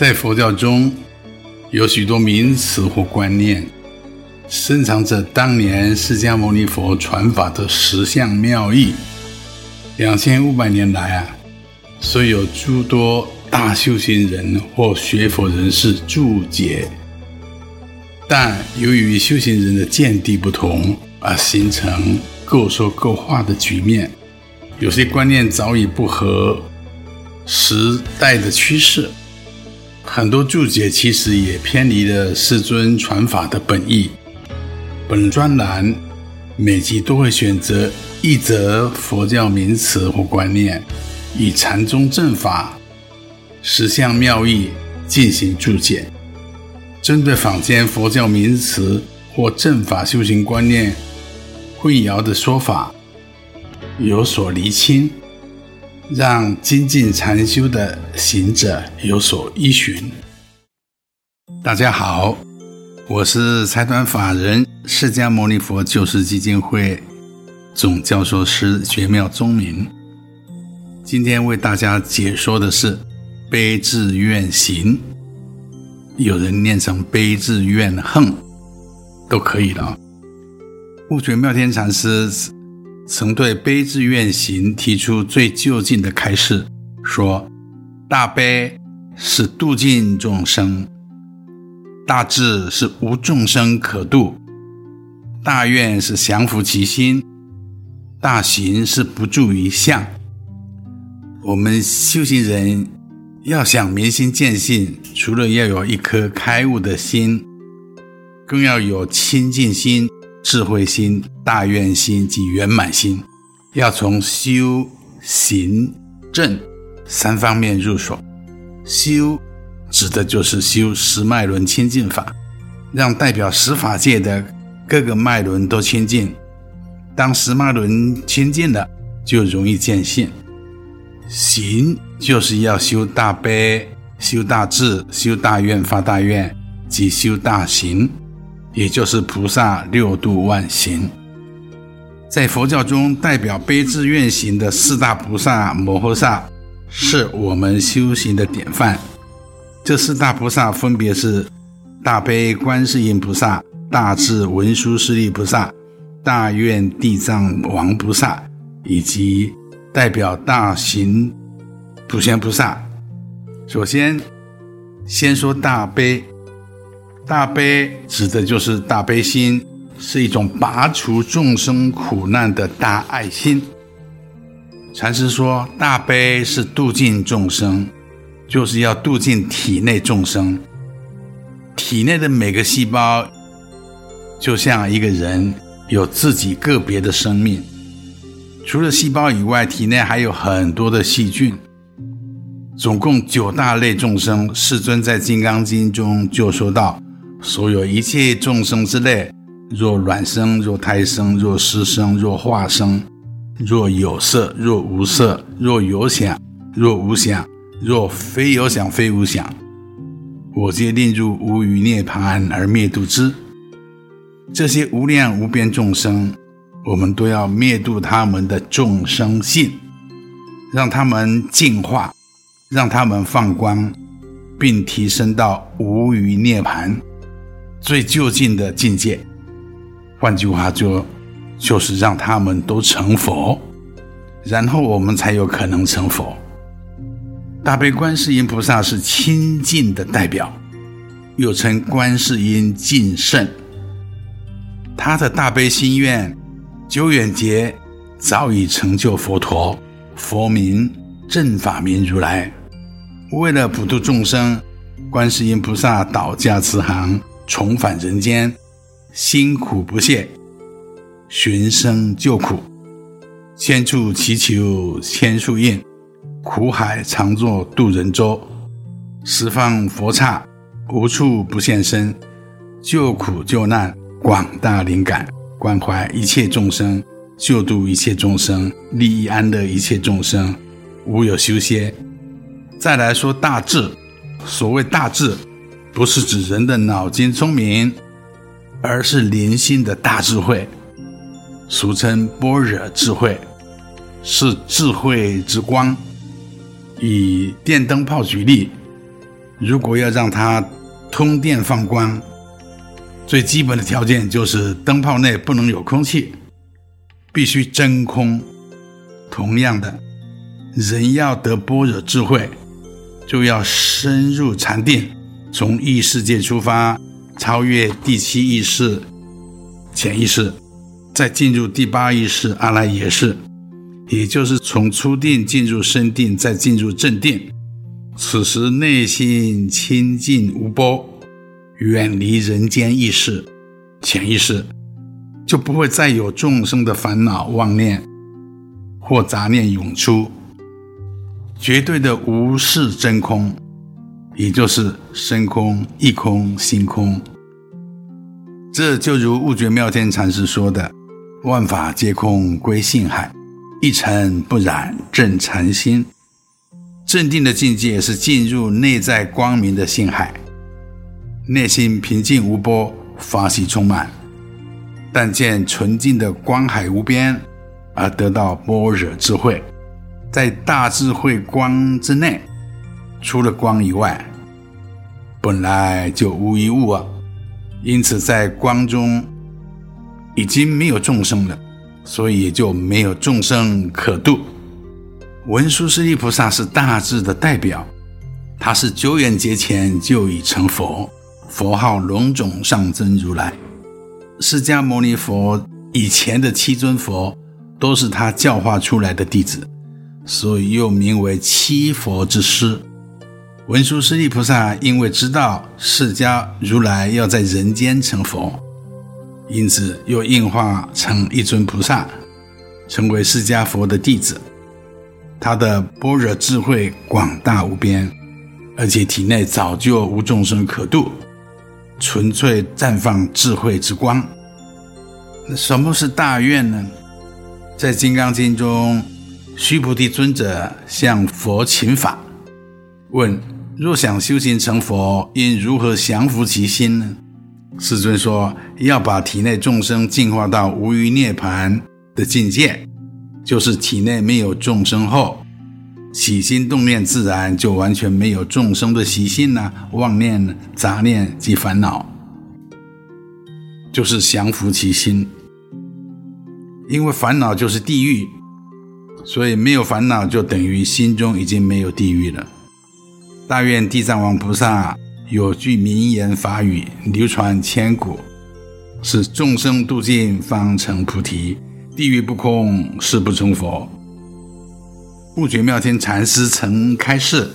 在佛教中，有許多名詞或觀念，深藏着當年釋迦牟尼佛傳法的實相妙義。兩千五百年來啊，雖有諸多大修行人或學佛人士注解，但由於修行人的見地不同，而形成各說各話的局面。有些觀念早已不合時代的趨勢。很多注解其實也偏離了世尊傳法的本意。本專欄每集都會選擇一則佛教名詞或觀念，以禪宗正法實相妙義進行注解，針對坊間佛教名詞或正法修行觀念混淆的說法有所釐清。讓精進禪修的行者有所依循。大家好，我是財團法人釋迦牟尼佛救世基金會總教授師覺妙宗明。今天為大家解說的是悲智願行，有人念成悲智願行都可以的啊。悟覺妙天禪師。曾對悲智願行提出最究竟的開示，說：“大悲是度盡眾生，大智是無眾生可度，大願是降伏其心，大行是不住於相。”我們修行人要想明心見性，除了要有一顆開悟的心，更要有親近心。智慧心、大願心及圓滿心，要從修行、正三方面入手。修指的就是修十脈輪清淨法，讓代表十法界的各個脈輪都清淨。當十脈輪清淨了，就容易見性。行就是要修大悲、修大智、修大願、發大願及修大行。也就是菩薩六度萬行，在佛教中代表悲智願行的四大菩薩摩訶薩，是我們修行的典範。這四大菩薩分別是大悲觀世音菩薩、大智文殊師利菩薩、大願地藏王菩薩，以及代表大行普賢菩薩。首先，先說大悲。大悲指的就是大悲心，是一種拔除眾生苦難的大愛心。禪師說，大悲是度盡眾生，就是要度盡體內眾生。體內的每個細胞就像一個人有自己個別的生命，除了細胞以外，體內還有很多的細菌。總共九大類眾生，世尊在《金剛經》中就說到，所有一切眾生之類，若卵生，若胎生，若濕生，若化生，若有色，若無色，若有想，若無想，若非有想非無想，我皆令入無餘涅槃，而滅度之。這些無量無邊眾生，我們都要滅度他們的眾生性，讓他們淨化，讓他們放光，並提升到無餘涅槃。最究竟的境界，換句話說，就是讓他們都成佛，然後我們才有可能成佛。大悲觀世音菩薩是清淨的代表，又稱觀世音淨聖。他的大悲心願久遠劫早已成就佛陀，佛名正法明如來。為了普度眾生，觀世音菩薩倒駕慈航。重返人間，辛苦不懈，尋聲救苦，千處祈求千處應，苦海常作渡人舟，十方佛剎無處不現身，救苦救難廣大靈感，關懷一切眾生，救度一切眾生，利益安樂一切眾生，無有休歇。再來說大智，所謂大智。不是指人的腦筋聰明，而是靈性的大智慧，俗稱般若智慧，是智慧之光。以電燈泡舉例，如果要讓它通電放光，最基本的條件就是燈泡內不能有空氣，必須真空。同樣的，人要得般若智慧，就要深入禪定，從意識界出發，超越第七意識、潛意識，再進入第八意識，阿賴耶識，也就是從初定進入深定，再進入正定。此時內心清淨無波，遠離人間意識、潛意識，就不會再有眾生的煩惱妄念或雜念湧出，絕對的無視真空。也就是身空、意空、心空，這就如悟覺妙天禪師說的：“萬法皆空，歸性海；一塵不染，證禪心。”正定的境界是進入內在光明的性海，內心平靜無波，法喜充滿，但見純淨的光海無邊，而得到般若智慧，在大智慧光之內。除了光以外，本來就無一物啊。因此，在光中已經沒有眾生了，所以也就沒有眾生可度。文殊師利菩薩是大智的代表，他是久遠劫前就已成佛，佛號龍種上尊如來。釋迦牟尼佛以前的七尊佛都是他教化出來的弟子，所以又名為七佛之師。文殊師利菩薩因為知道釋迦如來要在人間成佛，因此又應化成一尊菩薩，成為釋迦佛的弟子。他的般若智慧廣大無邊，而且體內早就無眾生可度，純粹綻放智慧之光。那什麼是大願呢？在《金剛經》中，須菩提尊者向佛請法，問。若想修行成佛，應如何降伏其心呢？世尊說，要把體內眾生淨化到無餘涅槃的境界，就是體內沒有眾生後，起心動念自然就完全沒有眾生的習性呢、啊、妄念、雜念及煩惱，就是降伏其心。因為煩惱就是地獄，所以沒有煩惱就等於心中已經沒有地獄了。大願地藏王菩薩有句名言法語流傳千古，是眾生度盡方成菩提，地獄不空誓不成佛。悟覺妙天禪師曾開示，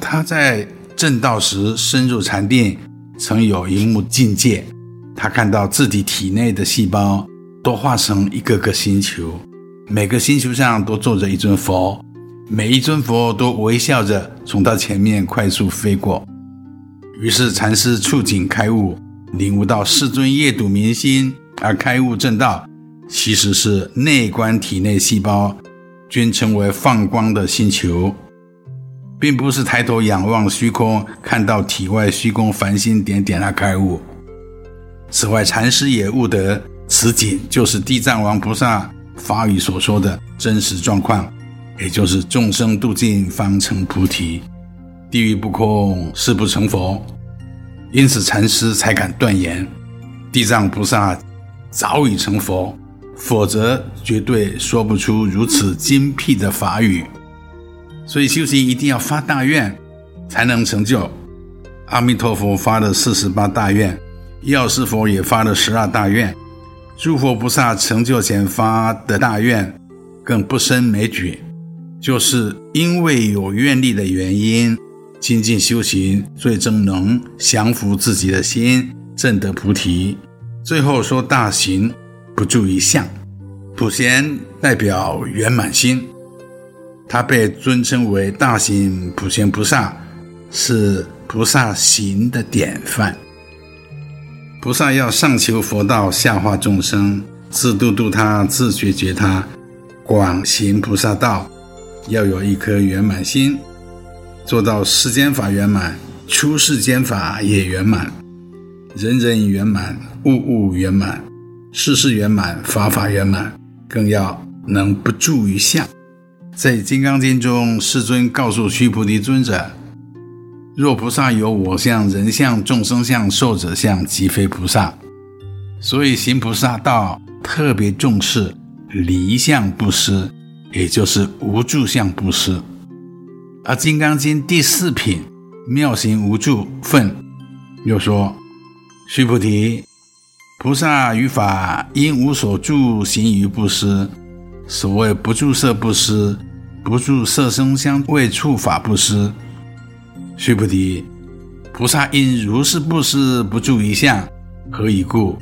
他在證道時深入禪定，曾有一幕境界，他看到自己體內的細胞都化成一個個星球，每個星球上都坐着一尊佛。每一尊佛都微笑着從他前面快速飛過，於是禪師觸景開悟，領悟到世尊夜睹明星而開悟正道，其實是內觀體內細胞均稱為放光的星球，並不是抬頭仰望虛空看到體外虛空繁星點點而開悟。此外，禪師也悟得此景就是地藏王菩薩法語所說的真實狀況。也就是眾生度盡方成菩提，地獄不空誓不成佛。因此，禪師才敢斷言，地藏菩薩早已成佛，否則絕對說不出如此精闢的法語。所以，修行一定要發大願，才能成就。阿彌陀佛發了四十八大願，藥師佛也發了十二大願，諸佛菩薩成就前發的大願，更不勝枚舉。就是因為有願力的原因，精進修行，最終能降伏自己的心，證得菩提。最後說大行不住於相，普賢代表圓滿心，他被尊稱為大行普賢菩薩，是菩薩行的典範。菩薩要上求佛道，下化眾生，自度度他，自覺覺他，廣行菩薩道。要有一顆圓滿心，做到世間法圓滿，出世間法也圓滿，人人圓滿，物物圓滿，事事圓滿，法法圓滿，更要能不住於相。在《金剛經》中，世尊告訴須菩提尊者：“若菩薩有我相、人相、眾生相、壽者相，即非菩薩。”所以行菩薩道特別重視離相布施。也就是無住相布施，而《金剛經》第四品妙行無住分又說：“須菩提，菩薩於法應無所住，行於布施。所謂不住色布施，不住色聲香味觸法布施。須菩提，菩薩應如是布施，不住一相，何以故？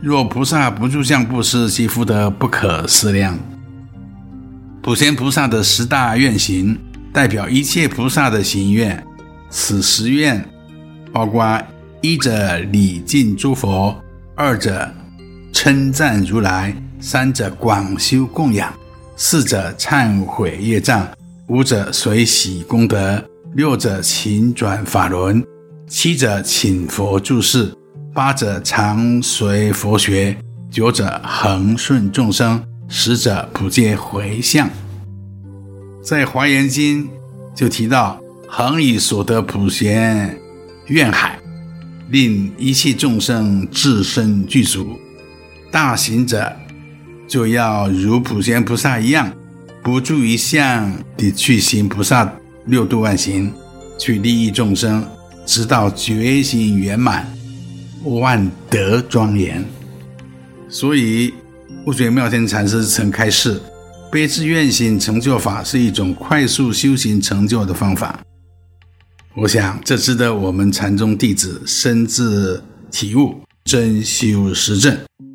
若菩薩不住相布施，其福德不可思量。”普賢菩薩的十大願行，代表一切菩薩的行願。此十願包括：一者禮敬諸佛；二者稱讚如來；三者廣修供養；四者懺悔業障；五者隨喜功德；六者請轉法輪；七者請佛住世；八者常隨佛學；九者恆順眾生。十者普皆迴向，在華嚴經就提到恆以所得普賢願海，令一切眾生自身具足。大行者就要如普賢菩薩一樣，不住於相的去行菩薩六度萬行，去利益眾生，直到覺醒圓滿，萬德莊嚴。所以。悟覺妙天禪師曾開示：“悲智願行成就法是一種快速修行成就的方法。”我想，這值得我們禪宗弟子深自體悟、真修實證。